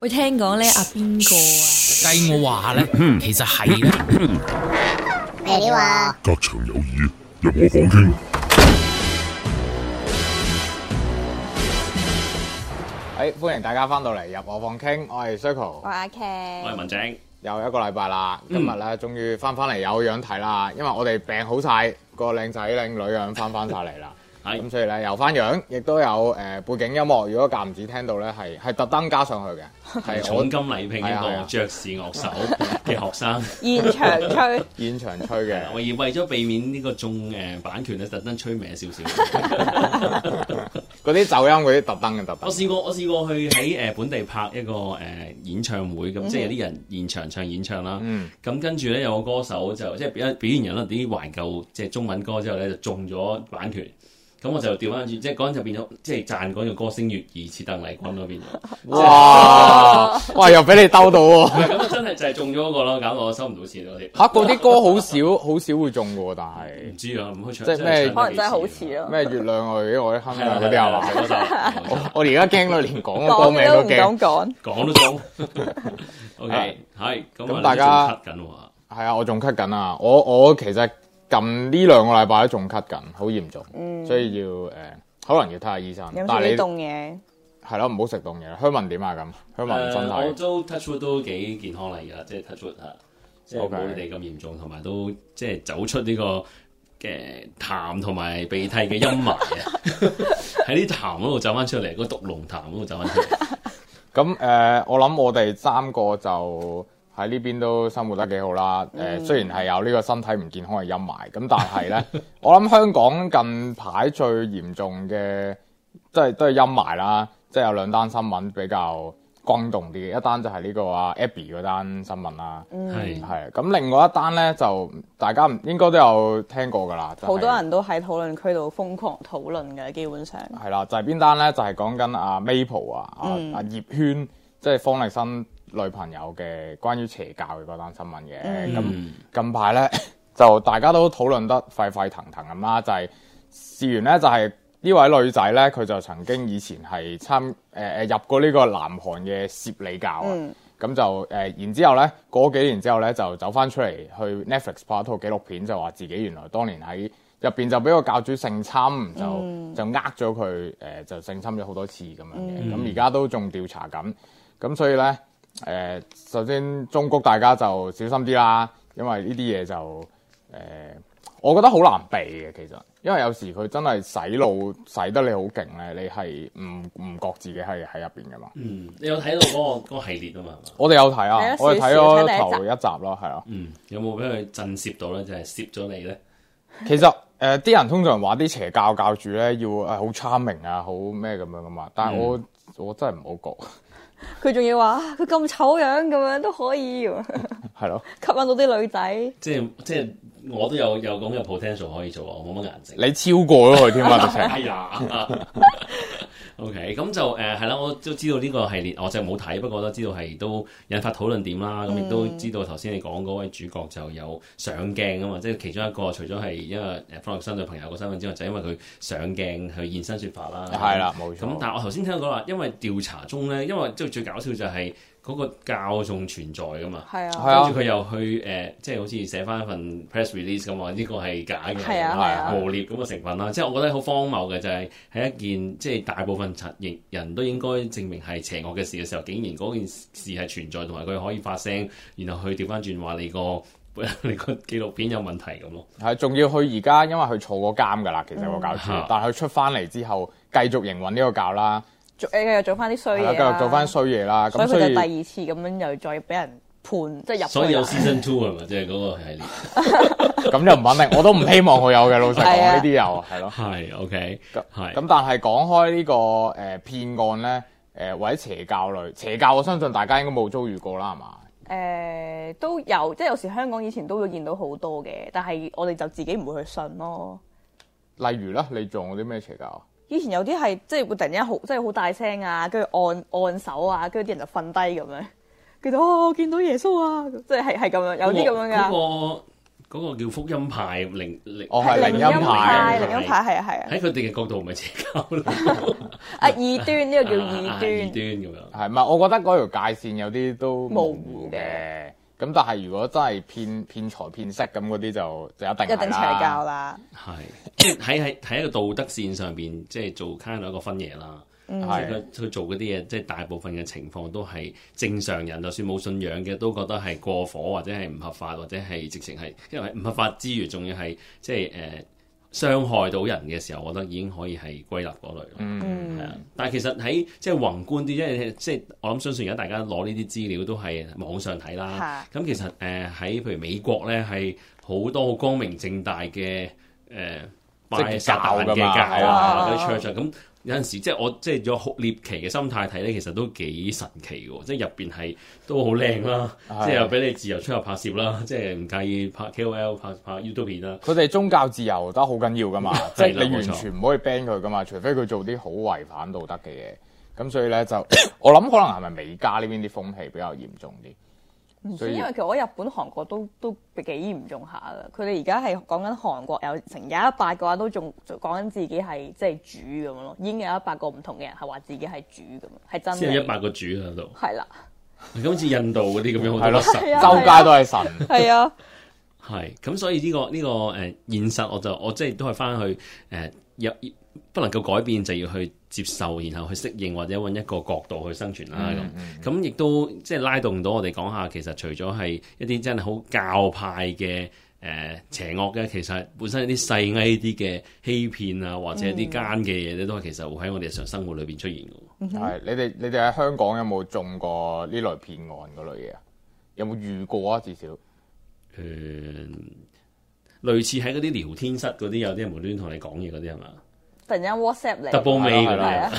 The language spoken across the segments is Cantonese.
喂，聽講咧，阿邊個啊？計我話咧，其實係，你話隔牆有耳，入我房傾。哎，歡迎大家翻到嚟入我房傾，我係 Circle，我係阿 Can，我係文井。又一個禮拜啦，今日咧終於翻翻嚟有樣睇啦，因為我哋病好晒，個靚仔靚女樣翻翻晒嚟啦。咁所以咧，又翻樣，亦都有誒、呃、背景音樂。如果間唔止聽到咧，係係特登加上去嘅，係重金禮聘一個爵 啊、士樂手嘅學生 現場吹， 現場吹嘅。而為咗避免呢個中誒、呃、版權咧，特登吹歪少少。嗰啲走音啲特登嘅特登。 我試過我試過去喺誒本地拍一個誒演唱會，咁、嗯、即係有啲人現場唱演唱啦。咁、嗯、跟住咧有個歌手就、就是、演即係表表現人咯，啲懷舊即係中文歌之後咧就中咗版權。咁我就調翻轉，即係嗰陣就變咗，即係賺嗰個歌聲悅耳似鄧麗君咯，變咗。哇！哇！又俾你兜到喎。咁我真係就係中咗嗰個咯，搞到我收唔到錢嗰啲。歌好少，好少會中嘅喎，但係唔知啊，唔去唱。即係咩？可能真係好似咯。咩月亮愛我啲黑啊？嗰啲啊嘛嗰首。我哋而家驚到連講個歌名都驚。講都唔敢講。講都中。O K，係咁，大家係啊，我仲咳緊啊，我我其實。近呢兩個禮拜都仲咳緊，好嚴重，嗯、所以要誒、呃，可能要睇下醫生。但係你凍嘢係咯，唔好食凍嘢。香雲點啊？咁香雲真係我都 touch wood 都幾健康嚟㗎，即係 touch wood 即係冇你哋咁嚴重，同埋都即係走出呢、呢個嘅、呃、痰同埋鼻涕嘅陰霾啊！喺啲 痰嗰度走翻出嚟，嗰個毒龍痰嗰度走翻出嚟。咁誒、 呃，我諗我哋三個就～喺呢邊都生活得幾好啦，誒、呃、雖然係有呢個身體唔健康嘅陰霾，咁但係咧， 我諗香港近排最嚴重嘅都係都係陰霾啦，即係有兩單新聞比較轟動啲，一單就係呢個啊 Abby 嗰單新聞啦，係係咁另外一單咧就大家唔應該都有聽過㗎啦，好、就是、多人都喺討論區度瘋狂討論嘅，基本上係啦，就係邊單咧？就係、是、講緊阿、啊、Maple 啊，阿、嗯啊、葉萱，即係方力申。女朋友嘅關於邪教嘅嗰單新聞嘅，咁、嗯、近排咧就大家都討論得沸沸騰騰咁啦，就係、是，事完源咧就係、是、呢位女仔咧，佢就曾經以前係參誒誒入過呢個南韓嘅攝理教啊，咁、嗯、就誒、呃，然之後咧嗰幾年之後咧就走翻出嚟去 Netflix 拍一套紀錄片，就話自己原來當年喺入邊就俾個教主性侵，就就呃咗佢，誒就性侵咗好多次咁樣嘅，咁而家都仲調查緊，咁所以咧。誒、呃，首先中國大家就小心啲啦，因為呢啲嘢，就誒、呃，我覺得好難避嘅，其實，因為有時佢真係洗腦洗得你好勁咧，你係唔唔覺自己係喺入邊噶嘛。嗯，你有睇到嗰、嗰個 個系列啊嘛？我哋有睇啊，我哋睇咗頭一集咯，係啊。嗯，有冇俾佢震懾到咧？就係攝咗你咧？嗯、其實誒，啲、呃、人通常話啲邪教教主咧要誒好 charming 啊，好咩咁樣噶嘛。但係我我真係唔好覺。佢仲要話佢咁醜樣咁樣都可以，係咯，吸引到啲女仔。即係即係，我都有有咁嘅 potential 可以做啊！冇乜顏值，你超過咗佢添啊！係啊。O.K. 咁就誒係啦，我都知道呢個系列，我就冇睇，不過都知道係都引發討論點啦。咁亦、mm hmm. 都知道頭先你講嗰位主角就有上鏡啊嘛，即係其中一個，除咗係因為誒方力申嘅朋友嘅身份之外，就係、因為佢上鏡去現身説法啦。係啦、mm，冇、hmm. 嗯、錯。咁但係我頭先聽到話，因為調查中咧，因為即係最搞笑就係。嗰個教仲存在噶嘛？係啊，跟住佢又去誒、呃，即係好似寫翻一份 press release 咁、這個、啊！呢個係假嘅，係啊，污蔑咁嘅成分啦。即係我覺得好荒謬嘅，就係、是、喺一件即係大部分陳亦人都應該證明係邪惡嘅事嘅時候，竟然嗰件事係存在，同埋佢可以發聲，然後去調翻轉話你個 你個紀錄片有問題咁咯。係仲、嗯、要佢而家，因為佢坐過監噶啦，其實個教主，嗯、但佢出翻嚟之後繼續營運呢個教啦。續做又做翻啲衰嘢啦，做翻衰嘢啦，咁所以佢就第二次咁樣又再俾人判，所以即係入。所以有 Season Two 係嘛？即係嗰個系列，咁又唔肯定。我都唔希望佢有嘅。老實講呢啲又係咯，係 OK，係。咁但係講開呢個誒騙案咧，誒或者邪教、類邪教，我相信大家應該冇遭遇過啦，係嘛、呃？誒都有，即係有時香港以前都會見到好多嘅，但係我哋就自己唔會去信咯。例如啦，你做啲咩邪教？以前有啲係即係會突然間好即係好大聲啊，跟住按按手啊，跟住啲人就瞓低咁樣，佢就啊見到耶穌啊，即係係係咁樣，有啲咁樣噶。嗰、嗰個嗰個叫福音派，靈靈。音音我係靈恩派，靈恩派係啊係啊。喺佢哋嘅角度唔係邪教咯。啊異端呢、呢個叫異端，啊、異端咁樣。係咪？我覺得嗰條界線有啲都模糊嘅。咁但係如果真係騙騙財騙色咁嗰啲就就一定一定邪教啦。係喺喺喺一個道德線上邊，即係做 kind of 一個分野啦。係佢、嗯、是做嗰啲嘢，即係大部分嘅情況都係正常人，就算冇信仰嘅都覺得係過火或者係唔合法，或者係直情係因為唔合法之餘，仲要係即係誒、呃、傷害到人嘅時候，我覺得已經可以係歸納嗰類。嗯，係啊、嗯。但係其實喺即係宏觀啲，即係即係我諗相信而家大家攞呢啲資料都係網上睇啦。咁是的 其實誒喺、呃、譬如美國咧係好多好光明正大嘅誒、呃、拜撒旦嘅界。啊，咁哇、啊。有陣時，即係我即係有獵奇嘅心態睇咧，其實都幾神奇嘅，即係入邊係都好靚啦，的即係又俾你自由出入拍攝啦，即係唔介意拍 K O L 拍拍 YouTube 片啦。佢哋宗教自由得好緊要噶嘛，即係 的你完全唔可以 ban 佢噶嘛， 除非佢做啲好違反道德嘅嘢。咁所以咧就我諗，可能係咪美加呢邊啲風氣比較嚴重啲？因為其實我日本、韓國都都幾嚴重下啦，佢哋而家係講緊韓國有成有一百個話都仲講緊自己係即係主咁樣咯，已經有一百個唔同嘅人係話自己係主咁樣，係真係。即係一百個主喺度。係啦了，咁好似印度嗰啲咁樣好多神，周街都係神。係啊，係咁 所以呢、呢個呢、呢個誒現實我，我就我即係都係返去誒，有、呃、不能夠改變就要去。接受，然後去適應，或者揾一個角度去生存啦。咁咁亦都即係拉動到我哋講下，其實除咗係一啲真係好教派嘅誒、呃、邪惡嘅，其實本身一啲細微啲嘅欺騙啊，或者一啲奸嘅嘢咧，都係其實會喺我哋日常生活裏邊出現。係、嗯嗯、你哋你哋喺香港有冇中過呢類騙案嗰類嘢啊？有冇遇過啊？至少誒、嗯，類似喺嗰啲聊天室嗰啲有啲人無端端同你講嘢嗰啲係嘛？突然間 WhatsApp 你，double 嚟，係啊，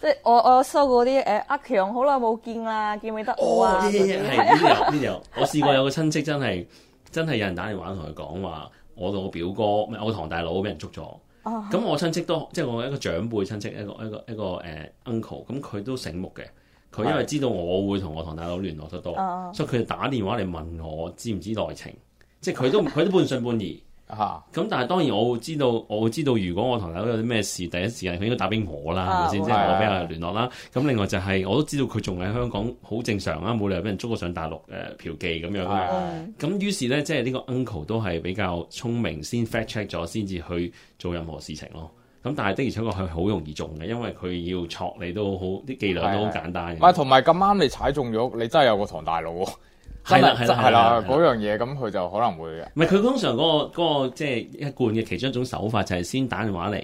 即係我我收過啲誒阿強好耐冇見啦，見唔記得我啊？係呢條呢條，我試過有個親戚真係真係有人打電話同佢講話，我個表哥唔係我個堂大佬俾人捉咗，咁我親戚都即係我一個長輩親戚一個一個一個誒 uncle，咁佢都醒目嘅，佢因為知道我會同我堂大佬聯絡得多，所以佢就打電話嚟問我知唔知內情，即係佢都佢都半信半疑。啊！咁但係當然我知道，我知道如果我堂大佬有啲咩事，第一時間佢應該打俾我啦，係咪、啊、先？即係我比較聯絡啦。咁的另外就係、是、我都知道佢仲喺香港，好正常啦。冇理由俾人捉過上大陸誒、呃、嫖妓咁樣嘅。咁的於是咧，即係呢個 uncle 都係比較聰明，先 fact check 咗先至去做任何事情咯。咁但係的而且確係好容易中嘅，因為佢要戳你都好啲，伎倆都好簡單。咪同埋咁啱你踩中咗，你真係有個堂大佬、哦。係啦，係啦，係啦，嗰樣嘢咁佢就可能會嘅。唔係，佢通常嗰個嗰個即係一貫嘅其中一種手法，就係先打電話嚟，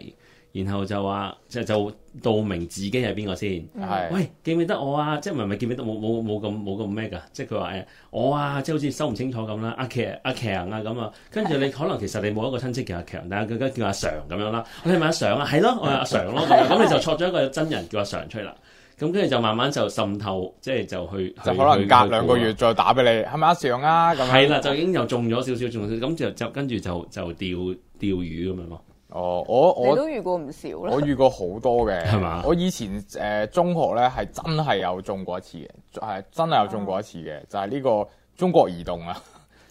然後就話就就道明自己係邊個先。係，喂，記唔記得我啊？即係唔係記唔記得？冇冇冇咁冇咁咩㗎？即係佢話誒我啊，即係好似收唔清楚咁啦。阿強阿強啊咁啊，跟住你可能其實你冇一個親戚叫阿強，但係佢佢叫阿常咁樣啦。我係咪阿常啊？係咯，我係阿常咯。咁你就錯咗一個真人叫阿常出嚟啦。咁跟住就慢慢就滲透，即係就去就可能隔兩個月再打俾你，係咪一上啊？咁係啦，就已經又中咗少少，中少咁就就跟住就就釣釣魚咁樣咯。哦，我我都遇過唔少啦，我遇過好多嘅，係嘛吧？我以前誒、呃、中學咧係真係有中過一次嘅，係真係有中過一次嘅，就係、是、呢個中國移動啊。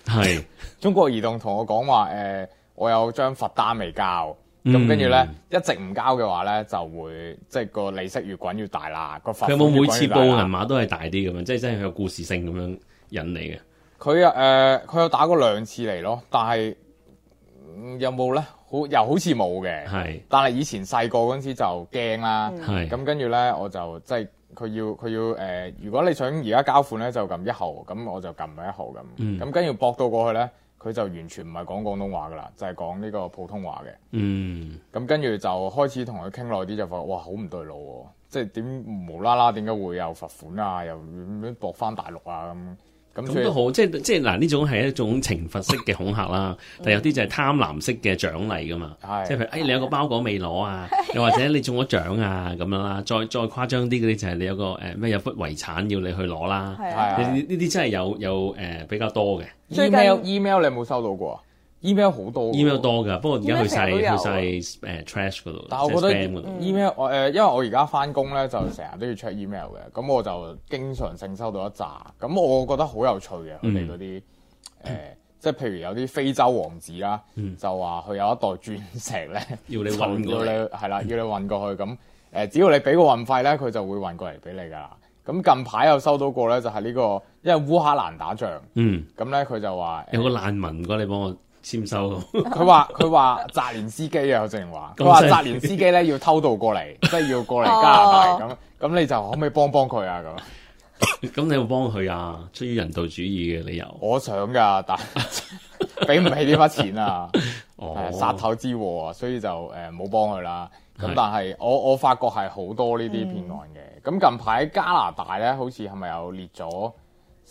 係 中國移動同我講話誒，我有張罰單未交。咁跟住咧，一直唔交嘅話咧，就會即係個利息越滾越大啦。個佢有冇每次報銀碼都係大啲咁樣，即係真係有故事性咁樣引你嘅？佢啊，誒，佢有打過兩次嚟咯，但係有冇咧？好，又好似冇嘅。係。但係以前細個嗰陣時就驚啦。係。咁跟住咧，我就即係佢要佢要誒，如果你想而家交款咧，就撳一毫，咁我就撳一毫咁。嗯。咁跟住駁到過去咧。佢就完全唔係講廣東話噶啦，就係講呢個普通話嘅。嗯，咁、啊、跟住就開始同佢傾耐啲，就話：「哇，好唔對路喎、哦！」即係點無啦啦，點解會有罰款啊，又咁、啊、樣駁翻大陸啊咁。咁都好，即係即係嗱，呢種係一種懲罰式嘅恐嚇啦，但有啲就係貪婪式嘅獎勵噶嘛， 即係譬如誒、哎、你有個包裹未攞啊，又 或者你中咗獎啊咁樣啦，再再誇張啲嗰啲就係你有個誒咩、呃、有筆遺產要你去攞啦，係啊，呢啲 真係有有誒、呃、比較多嘅最近 email、email、你有冇收到過？email 好多 email 多噶，不過而家去晒去晒 trash 嗰度，但我覺得 email 我誒，因為我而家返工咧，就成日都要 check email 嘅，咁我就經常性收到一扎，咁我覺得好有趣嘅，我哋嗰啲誒，即係譬如有啲非洲王子啦，就話佢有一袋鑽石咧，要你運過嚟，係啦，要你運過去，咁誒，只要你俾個運費咧，佢就會運過嚟俾你噶啦。咁近排又收到過咧，就係呢個因為烏克蘭打仗，嗯，咁咧佢就話有個難民，嗰你幫我簽收，佢話佢話雜聯司機啊，有正華，佢話雜聯司機咧要偷渡過嚟，即係要過嚟加拿大咁，咁你就可唔可以幫幫佢啊？咁，咁你要冇幫佢啊？出於人道主義嘅理由，我想噶，但俾唔起呢筆錢啊，殺頭之禍啊，所以就誒冇幫佢啦。咁但係我我發覺係好多呢啲騙案嘅。咁近排加拿大咧，好似係咪有列咗？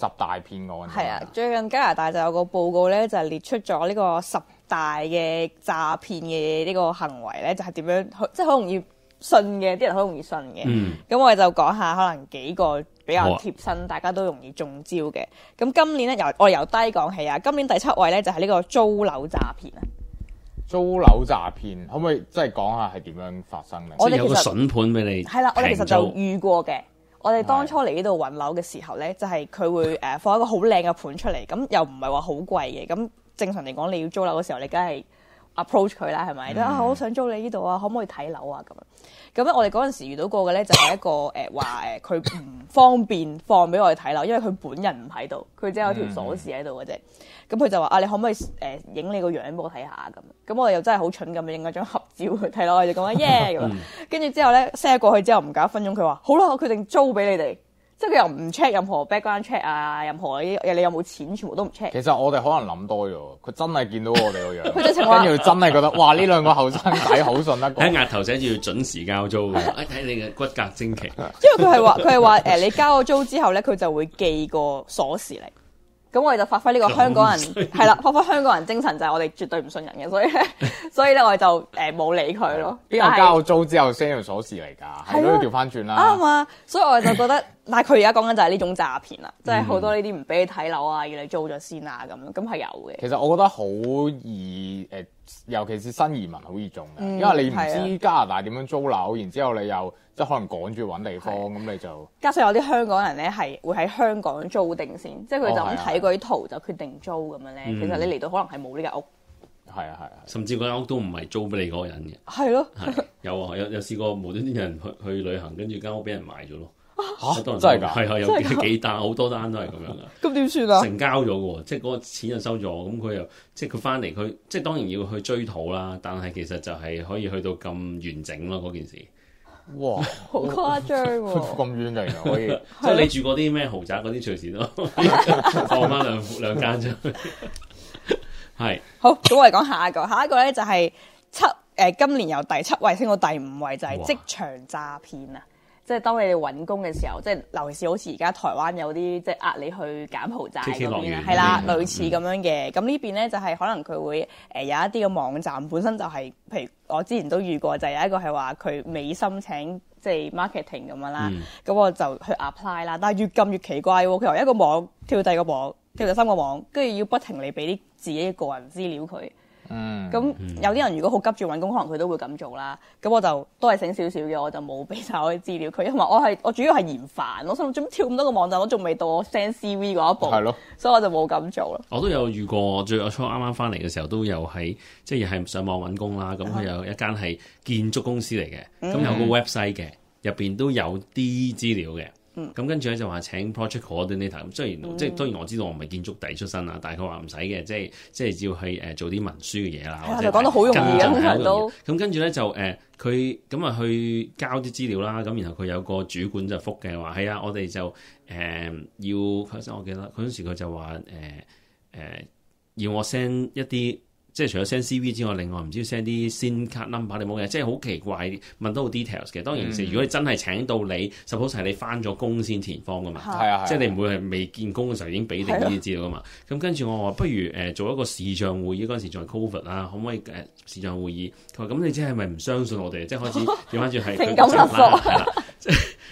十大騙案係啊！最近加拿大就有個報告咧，就係、是、列出咗呢個十大嘅詐騙嘅呢個行為咧，就係、是、點樣？即係好容易信嘅，啲人好容易信嘅。咁、嗯、我哋就講下可能幾個比較貼身，哦、大家都容易中招嘅。咁今年咧，我由我哋由低講起啊！今年第七位咧，就係、是、呢個租樓詐騙啊！租樓詐騙可唔可以即係講下係點樣發生咧、啊？我哋有個筍盤俾你，係啦，我哋其實就遇過嘅。我哋當初嚟呢度揾樓嘅時候呢，就係、是、佢會放一個好靚嘅盤出嚟，咁又唔係話好貴嘅，咁正常嚟講，你要租樓嘅時候，你梗係 approach 佢啦，係咪？啊，我好想租你呢度啊，可唔可以睇樓啊？咁樣咁咧，我哋嗰陣時遇到過嘅咧，就係一個誒話誒，佢、呃、唔方便放俾我哋睇樓，因為佢本人唔喺度，佢只有，有一條鎖匙喺度嘅啫。咁佢就話啊，你可唔可以誒影、呃、你個樣俾我睇下？咁咁我哋又真係好蠢咁樣影咗張合照去睇樓，我就講啊耶咁樣。跟住、yeah! 之後咧 set 過去之後唔夠一分鐘，佢話好啦，我決定租俾你哋。即係佢又唔 check 任何 background check 啊，任何嘢你有冇錢，全部都唔 check。其實我哋可能諗多咗，佢真係見到我哋嗰樣，跟住 真係覺得，哇！呢兩個後生仔好順得，喺 額頭寫住要準時交租嘅，一、啊、睇你嘅骨骼精奇。 因為佢係話，佢係話誒，你交咗租之後咧，佢就會寄個鎖匙嚟。咁我哋就發揮呢個香港人係啦壞，發揮香港人精神就係我哋絕對唔信人嘅，所以所以咧我哋就誒冇、欸、理佢咯。邊個交租之後先 send 條鎖匙嚟㗎？係咯、啊，都要調翻轉啦。啱啊，所以我哋就覺得， 但係佢而家講緊就係呢種詐騙啦，即係好多呢啲唔俾你睇樓啊，要你租咗先啊咁樣，咁係有嘅。其實我覺得好易誒。呃尤其是新移民好易中嘅，因為你唔知加拿大點樣租樓。嗯、然之後你又即係可能趕住搵地方，咁的你就加上有啲香港人咧係會喺香港租定先，即係佢就咁睇嗰啲圖就決定租咁樣咧。哦嗯、其實你嚟到可能係冇呢間屋，係啊係啊，甚至嗰間屋都唔係租俾你嗰個人嘅，係咯的，係的有啊有有試過無端端人去去旅行，跟住間屋俾人買咗咯。好、啊、多人真係噶，係啊，有幾單好多單都係咁樣噶。咁點算啊？成交咗嘅，即係嗰個錢就收咗，咁佢又即係佢翻嚟，佢即係當然要去追討啦。但係其實就係可以去到咁完整咯，嗰件事。哇，好誇張喎！咁遠嚟噶可以，即係 你住嗰啲咩豪宅嗰啲，隨時都放翻兩兩間出去。係 是好，咁我哋講下一個，下一個咧就係七誒、呃呃，今年由第七位升到第五位就職，就係職場詐騙啊。即係當你哋揾工嘅時候，即係尤其是好似而家台灣有啲即係呃你去柬埔寨嗰邊，係啦，的類似咁樣嘅咁、嗯、呢邊咧，就係、是、可能佢會誒、呃、有一啲嘅網站本身就係、是，譬如我之前都遇過，就是、有一個係話佢未申請即係 marketing 咁樣啦，咁、嗯、我就去 apply 啦。但係越撳越奇怪喎、哦，如由一個網跳第二個網，跳第三個網，跟住要不停嚟俾啲自己個人資料佢。嗯，咁有啲人如果好急住揾工，可能佢都會咁做啦。咁我就都係醒少少嘅，我就冇俾晒我啲資料佢，因為我係我主要係嫌煩，我心諗做乜跳咁多個網站，我仲未到我 send CV 嗰一步，嗯、所以我就冇咁做啦。我都有遇過，最初我初啱啱翻嚟嘅時候都有喺，即係係上網揾工啦。咁佢有一間係建築公司嚟嘅，咁、嗯、有個 website 嘅，入邊都有啲資料嘅。咁、嗯、跟住咧就話請 Project coordinator，雖然即係當然我知道我唔係建築底出身，但係佢話唔使嘅，即係即係只要去誒做啲文書嘅嘢啦，講、嗯、得好容易啊，通到正。咁跟住咧就誒，佢咁啊去交啲資料啦，咁然後佢有個主管就覆嘅話，係啊，我哋就誒要，嗰陣我記得嗰陣時佢就話誒誒要我 send 一啲。即係除咗 send CV 之外，另外唔知 send 啲先卡 number 你冇嘅，即係好奇怪問到 details 嘅。當然如果你真係請到你，suppose 係你翻咗工先填方噶嘛、嗯，係啊，即係你唔會係未見工嘅時候已經俾定呢啲資料噶嘛、嗯。咁跟住我話，不如誒做一個視像會議，嗰陣時仲係 COVID 啦，可唔可以誒、呃、視像會議？佢話咁你即係咪唔相信我哋？即係開始轉翻轉係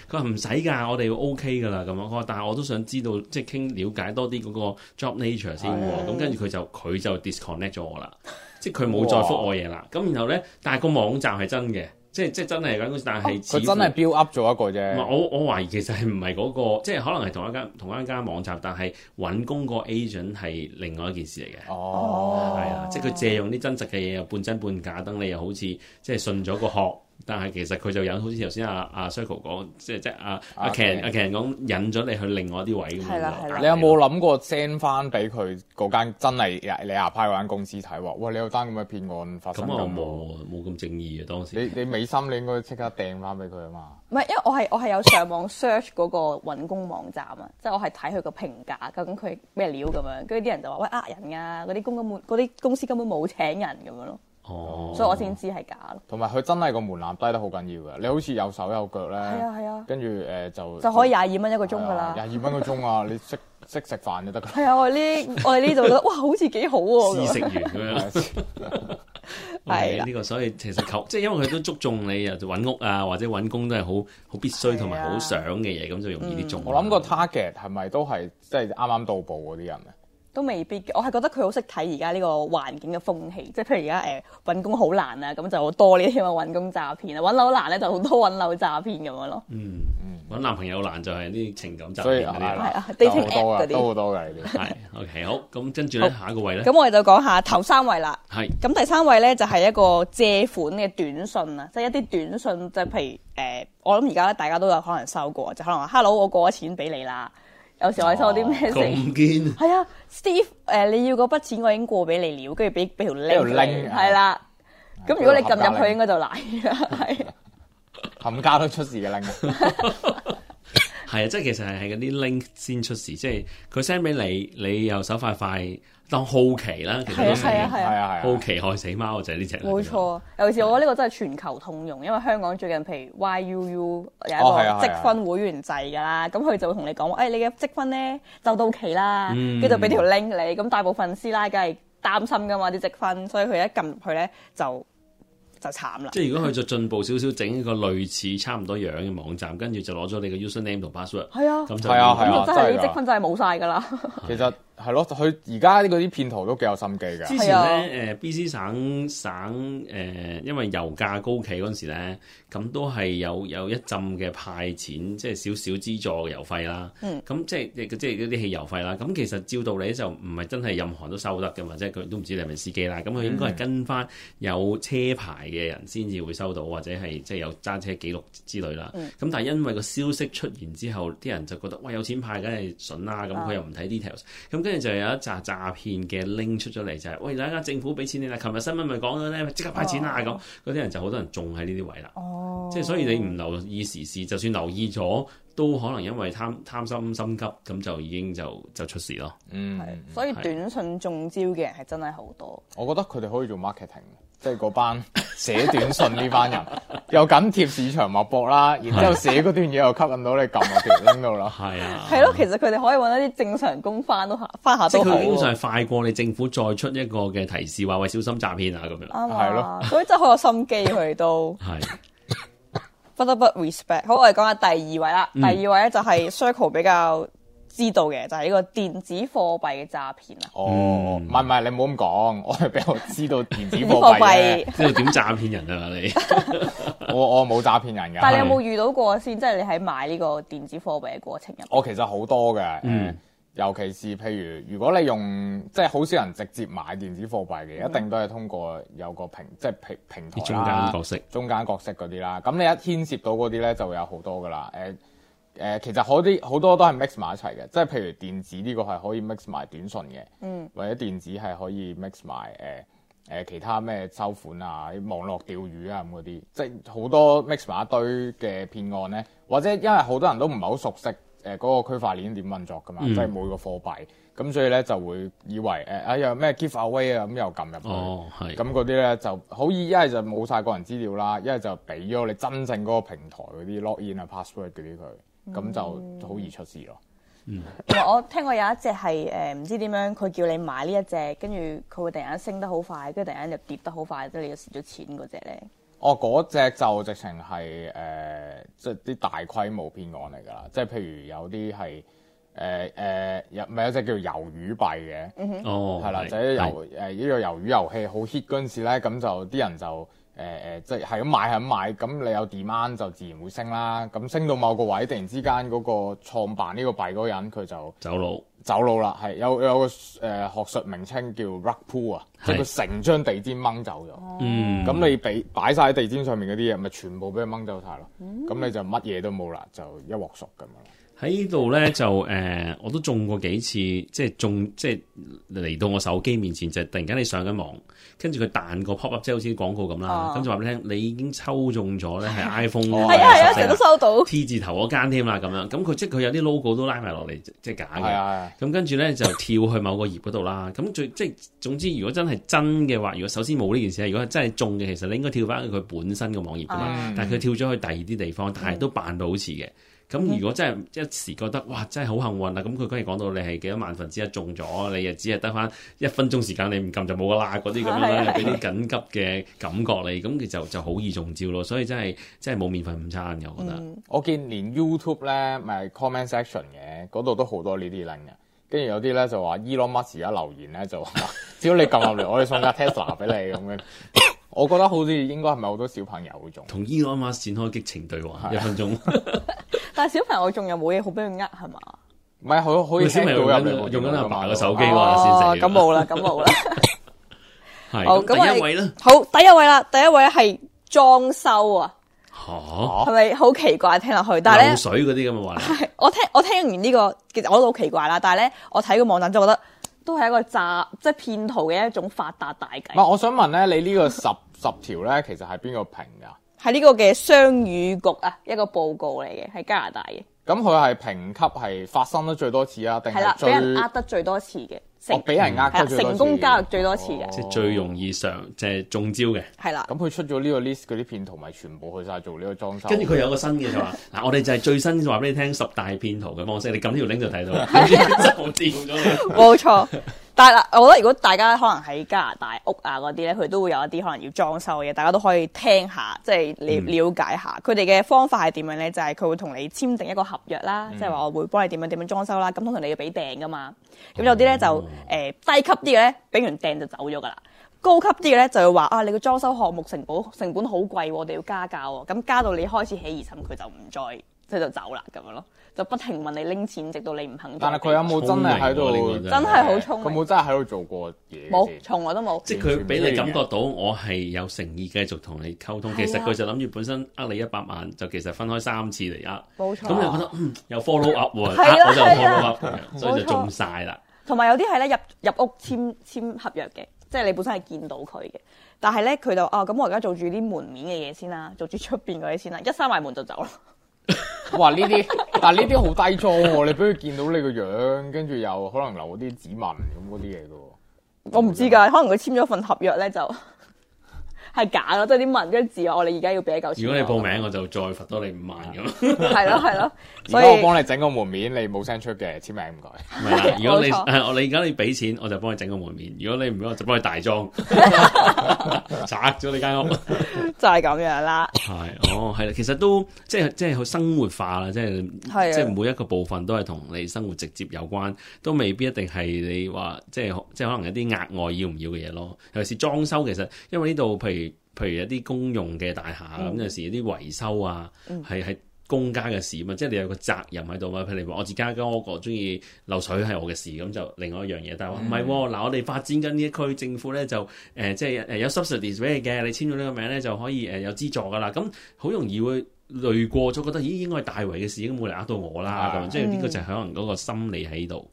佢話唔使㗎，我哋會 OK 㗎啦，咁樣。我話，但係我都想知道，即係傾了解多啲嗰個 job nature 先喎、哦。咁跟住佢就佢就 disconnect 咗我啦，即係佢冇再覆我嘢啦。咁哇然後咧，但係個網站係真嘅，即係即係真係揾工，但係佢真係 build up 咗一個啫。我我懷疑其實係唔係嗰個，即係可能係同一間同一間網站，但係揾工個 agent 係另外一件事嚟嘅。哦，係啊，即係佢借用啲真實嘅嘢又半真半假，等你又好似即係信咗個殼。但係其實佢就引，好似頭先阿、啊、阿、啊、circle 講，即即阿阿 Can 阿 Can 講引咗你去另外一啲位咁咯。的你有冇諗過 send 翻俾佢嗰間真係你阿派嗰間公司睇喎？哇！你有單咁嘅騙案發生咁啊，冇冇咁正義啊，當時。你你美心你應該即刻掟翻俾佢啊嘛。唔係的，因為我係我係有上網 search 嗰個揾工網站啊，即、就、係、是、我係睇佢個評價，究竟佢咩料咁樣？跟住啲人就話喂，呃人啊，嗰啲公司根本啲公司根本冇請人咁樣咯。所以，我先知係假咯。同埋，佢真係個門檻低得好緊要嘅。你好似有手有腳咧，係啊係啊，跟住誒就就可以廿二蚊一個鐘噶啦。廿二蚊一個鐘啊，你識識食飯就得噶。係啊，我呢我呢度覺得哇，好似幾好喎。試食完咁樣係呢個，所以其實即係因為佢都捉中你啊，就揾屋啊，或者揾工都係好好必須同埋好想嘅嘢，咁就容易啲中。我諗個 target 係咪都係即係啱啱到步嗰啲人啊？都未必，我係覺得佢好識睇而家呢個環境嘅風氣，即係譬如而家誒搵工好難啦，咁就好多呢啲咁嘅搵工詐騙啦，搵樓難咧就好多搵樓詐騙咁樣咯。嗯嗯，搵、嗯、男朋友難就係、是、啲情感詐騙嗰啲，係啊，都好多噶，都好多噶係，OK，好，咁跟住咧下一個位咧，咁我哋就講下頭三位啦。係，咁第三位咧就係、是、一個借款嘅短信啊，即係一啲短信，即係譬如誒、呃，我諗而家咧大家都有可能收過，就可能話，Hello，我過咗錢俾你啦。有時我係收啲咩？食唔見。係 啊，Steve，誒、呃、你要嗰筆錢，我已經過俾你了，跟住俾俾條 link，係啦。咁對如果你撳入去，應該就爛啦。係冚 家都出事嘅 link 係啊，即係其實係係嗰啲 link 先出事，即係佢 send 俾你，你又手快快當好奇啦，其實都係，係啊係啊，好奇害死貓就係呢隻。冇錯，尤其是我覺得呢個真係全球通用，因為香港最近譬如 YUU 有一個積、哦、分會員制㗎啦，咁佢就會同你講誒、哎，你嘅積分咧就到期啦，跟住、嗯、就俾條 link 你，咁大部分師奶梗係擔心㗎嘛啲積分，所以佢一撳入去咧就。就慘啦！即係如果佢再進步少少，整一個類似差唔多樣嘅網站，跟住就攞咗你嘅 username 同 password，係啊，咁就根本真係你、啊、積分真係冇晒㗎啦。啊、 其實。係咯，佢而家啲騙徒都幾有心機㗎。之前咧，誒、啊、BC 省省誒、呃，因為油價高企嗰陣時咧，咁都係有有一浸嘅派錢，即係少少資助油費啦。咁即係即係啲汽油費啦。咁其實照道理就唔係真係任何人都收得嘅嘛，即係佢都唔知你係咪司機啦。咁佢應該係跟翻有車牌嘅人先至會收到，嗯、或者係即係有揸車記錄之類啦。咁、嗯、但係因為個消息出現之後，啲人就覺得喂，有錢派梗係筍啦，咁佢又唔睇 details，咁。即係就有一紮詐騙嘅拎出咗嚟，就係、是，喂，大家政府俾錢你啦，琴日新聞咪講咗咧，即刻派錢啦咁，嗰啲、oh. 人就好多人中喺呢啲位啦，oh. 即係所以你唔留意時事，就算留意咗。都可能因為貪貪心、心急，咁就已經就就出事咯。嗯，所以短信中招嘅人係真係好多的。我覺得佢哋可以做 marketing，即係嗰班寫短信呢班人，又緊貼市場脈搏啦，然之後寫嗰段嘢又吸引到你撳落條 link 度啦。係啊，係咯，其實佢哋可以揾一啲正常工翻都下翻下都好。即係佢基本上係快過你政府再出一個嘅提示，話喂，小心詐騙啊咁樣。係咯，所以真係好有心機佢哋都係。 不得不 respect。好，我哋講下第二位啦。嗯、第二位咧就係 Circle 比較知道嘅，就係、是、呢個電子貨幣嘅詐騙啊。哦，唔係唔係，你唔好咁講，我係比較知道電子貨幣即係知道點詐騙人啊你。 我我冇詐騙人噶。但係你有冇遇到過先？即係是你喺買呢個電子貨幣嘅過程入。我其實好多嘅。嗯。尤其是譬如，如果你用即係好少人直接買電子貨幣嘅，嗯、一定都係通過有個平，即係平平台，啊、中間角色，中間角色嗰啲啦，咁你一牽涉到嗰啲咧，就會有好多噶啦。誒、呃、誒、呃，其實好啲好多都係 mix 埋一齊嘅，即係譬如電子呢個係可以 mix 埋短信嘅，嗯，或者電子係可以 mix 埋誒誒其他咩收款啊、網絡釣魚啊咁嗰啲，即係好多 mix 埋一堆嘅騙案咧，或者因為好多人都唔係好熟悉，誒嗰、呃嗰個區塊鏈點運作㗎嘛？即係、嗯、每個貨幣，咁所以咧就會以為誒啊又咩 give away 啊咁又撳入去，咁嗰啲咧就好易一係就冇晒個人資料啦，一係就俾咗你真正嗰個平台嗰啲 login 啊 password 嗰啲佢，咁就好易出事咯。嗯、 我聽過有一隻係誒唔知點樣，佢叫你買呢一隻，跟住佢會突然間升得好快，跟住突然間就跌得好快，即係你又蝕咗錢嗰隻咧。哦，嗰隻就直情係誒，即係啲大規模騙案嚟㗎啦，即係譬如有啲係誒誒，唔係有隻叫魷魚幣嘅，哦，嗯哼，係啦，就係魷誒呢個魷魚遊戲好 hit 嗰陣時咧，咁就啲人就，人誒誒、呃，即係係咁買係咁買，咁你有 demand 就自然會升啦。咁升到某個位，突然之間嗰個創辦呢個幣嗰人佢就走佬路走佬啦，係有有個誒、呃、學術名稱叫 Rug Pull 啊，是即係佢成張地氈掹走咗。咁、嗯、你俾擺晒喺地氈上面嗰啲嘢，咪全部俾佢掹走晒咯。咁、嗯、你就乜嘢都冇啦，就一鑊熟咁啦。喺呢度咧就誒，我都中過幾次，即係中即係嚟到我手機面前就突然間你上緊網，跟住佢彈個 pop-up，即係好似廣告咁啦。咁就話俾你聽，你已經抽中咗咧係 iPhone 咯，係啊係啊成日都收到 T 字頭嗰間添啦，咁樣咁佢即係佢有啲 logo 都拉埋落嚟，即係假嘅。咁跟住咧就跳去某個頁嗰度啦。咁最即係總之，如果真係真嘅話，如果首先冇呢件事，如果係真係中嘅，其實你應該跳翻去佢本身嘅網頁噶嘛。但係佢跳咗去第二啲地方，但係都扮到好似嘅。咁、嗯、如果真係一時覺得哇真係好幸運啦，咁佢反而講到你係幾多萬分之一中咗，你又只係得翻一分鐘時間你，你唔撳就冇噶啦，嗰啲咁樣咧，嗰啲緊急嘅感覺你咁佢就就好易中招咯。所以真係真係冇免費午餐嘅，我覺得。嗯、我見連 YouTube 咧咪 comment section 嘅嗰度都好多呢啲 link 嘅，跟住有啲咧就話 Elon Musk 而家留言咧就，、e 言呢就，只要你撳入嚟，我哋送架 Tesla 俾你咁嘅。 我覺得好似應該係咪好多小朋友嗰種，同伊朗阿媽展開激情對話，是啊、一分鐘。 但係小朋友仲有冇嘢好俾佢呃係嘛？唔係好，好少咪用緊用緊阿爸個手機哇，先成。感冒啦，感冒啦。係，咁 第一位咧，好，第一位啦，第一位係裝修啊。哦哈。係咪好奇怪？聽落去，但係咧，水嗰啲咁嘅話，係我聽我聽完呢個，其實我都好奇怪啦。但係咧，我睇個網站就覺得。都係一個詐即係騙徒嘅一種發達大計。唔係， 我想問咧，你呢 個十十條咧，其實係邊個評噶？喺呢個嘅商譽局啊，一個報告嚟嘅，喺加拿大嘅。咁佢係評級係發生得最多次啊？定係係喇，俾人呃得最多次嘅？成俾、哦、人呃、嗯，成功加入最多次嘅，哦、即係最容易上，即、就、係、是、中招嘅。係啦的，咁佢出咗呢個 list 嗰啲騙徒，咪全部去晒做呢個裝修。跟住佢有個新嘅就話，嗱， 我哋就係最新話俾你聽十大騙徒嘅方式，你撳呢條 link 就睇到。就跌咗，冇錯。 但係啦，我覺得如果大家可能喺加拿大屋啊嗰啲咧，佢都會有一啲可能要裝修嘅嘢，大家都可以聽下，即係了了解下佢哋嘅方法係點樣咧，就係、是、佢會同你簽訂一個合約啦，即係話我會幫你點樣點樣裝修啦，咁通常你要俾訂㗎嘛，咁有啲咧就誒、呃、低級啲嘅咧，俾完訂就走咗㗎喇，高級啲嘅咧就會話啊你個裝修項目成本成本好貴喎，我哋要加價喎、哦，咁加到你開始起疑心，佢就唔再。即係就走啦咁樣咯，就不停問你拎錢，直到你唔肯你。但係佢有冇真係喺度？真係好充。佢冇真係喺度做過嘢。冇，從來都冇。即係佢俾你感覺到我係有誠意繼續同你溝通，的其實佢就諗住本身呃你一百萬，就其實分開三次嚟呃。冇錯、啊。咁又覺得、嗯、有 follow up 喎、 啊，我就 follow up， 所以就中晒啦。同埋有啲係咧入入屋簽簽合約嘅，即、就、係、是、你本身係見到佢嘅，但係咧佢就哦，咁、啊、我而家做住啲門面嘅嘢先啦、啊，做住出邊嗰啲先啦、啊，一閂埋門就走啦。 哇！呢啲，但係呢啲好低莊喎、哦，你俾佢見到你個樣，跟住又可能留啲指紋咁嗰啲嘢嘅。我唔知㗎，可能佢簽咗份合約咧就。係假咯，即係啲文跟字啊！我哋而家要俾一嚿錢。如果你報名，我就再罰多你五萬咁。係咯係咯，所以我幫你整個門面，你冇聲出嘅，簽名唔該。係啦，如果你我錯你而家你俾錢，我就幫你整個門面；如果你唔俾，我就幫你大裝， 拆咗你間屋。 就係咁樣啦。係、 哎、哦，係啦，其實都即係即係好生活化啦，即係的 即係每一個部分都係同你生活直接有關，都未必一定係你話即係即係可能有啲額外要唔要嘅嘢咯。尤其是裝修，其實因為呢度譬如。譬如譬如譬如譬如一啲公用嘅大廈咁，嗯、有陣時啲維修啊，係係公家嘅事嘛，嗯、即係你有個責任喺度嘛。譬如話我自家間屋，我中意漏水係我嘅事，咁就另外一樣嘢。但係話唔係，嗱、嗯啊、我哋發展緊呢一區，政府咧就誒、呃，即係誒有 subsidy 俾你嘅，你簽咗呢個名咧就可以誒有資助噶啦。咁好容易會累過咗，覺得咦應該係大圍嘅事，冇人呃到我啦。咁即係呢個就係可能嗰個心理喺度，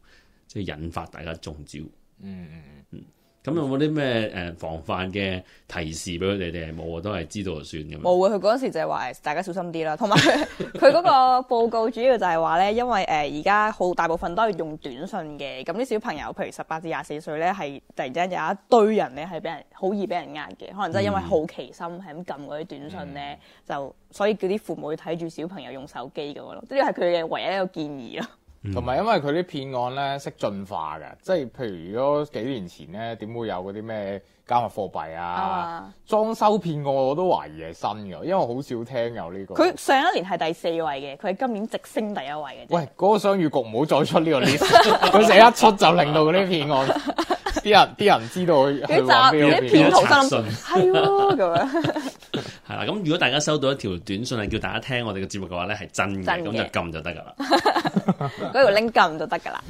即、就、係、是、引發大家中招。嗯嗯嗯。咁有冇啲咩誒防範嘅提示俾佢哋？哋係冇，我都係知道就算咁。冇啊！佢嗰陣時就係話大家小心啲啦。同埋佢嗰個報告主要就係話咧，因為誒而家好大部分都係用短信嘅。咁啲小朋友，譬如十八至廿四歲咧，係突然之間有一堆人咧係俾人好易俾人呃嘅。可能真係因為好奇心係咁撳嗰啲短信咧，嗯、就所以叫啲父母睇住小朋友用手機咁咯。呢啲係佢哋嘅唯一一個建議咯。同埋因為佢啲騙案咧識進化嘅，即係譬如如果幾年前咧點會有嗰啲咩加密貨幣啊、啊裝修騙案，我都懷疑係新嘅，因為我好少聽有呢、這個。佢上一年係第四位嘅，佢係今年直升第一位嘅。喂，嗰、那個商譽局唔好再出呢個例子，佢成日一出就令到嗰啲騙案，啲 人啲人知道去網邊去查訊，係喎咁樣。 係啦，咁如果大家收到一條短信係叫大家聽我哋嘅節目嘅話咧，係真嘅，咁就撳就得噶啦，嗰條拎撳就得噶啦。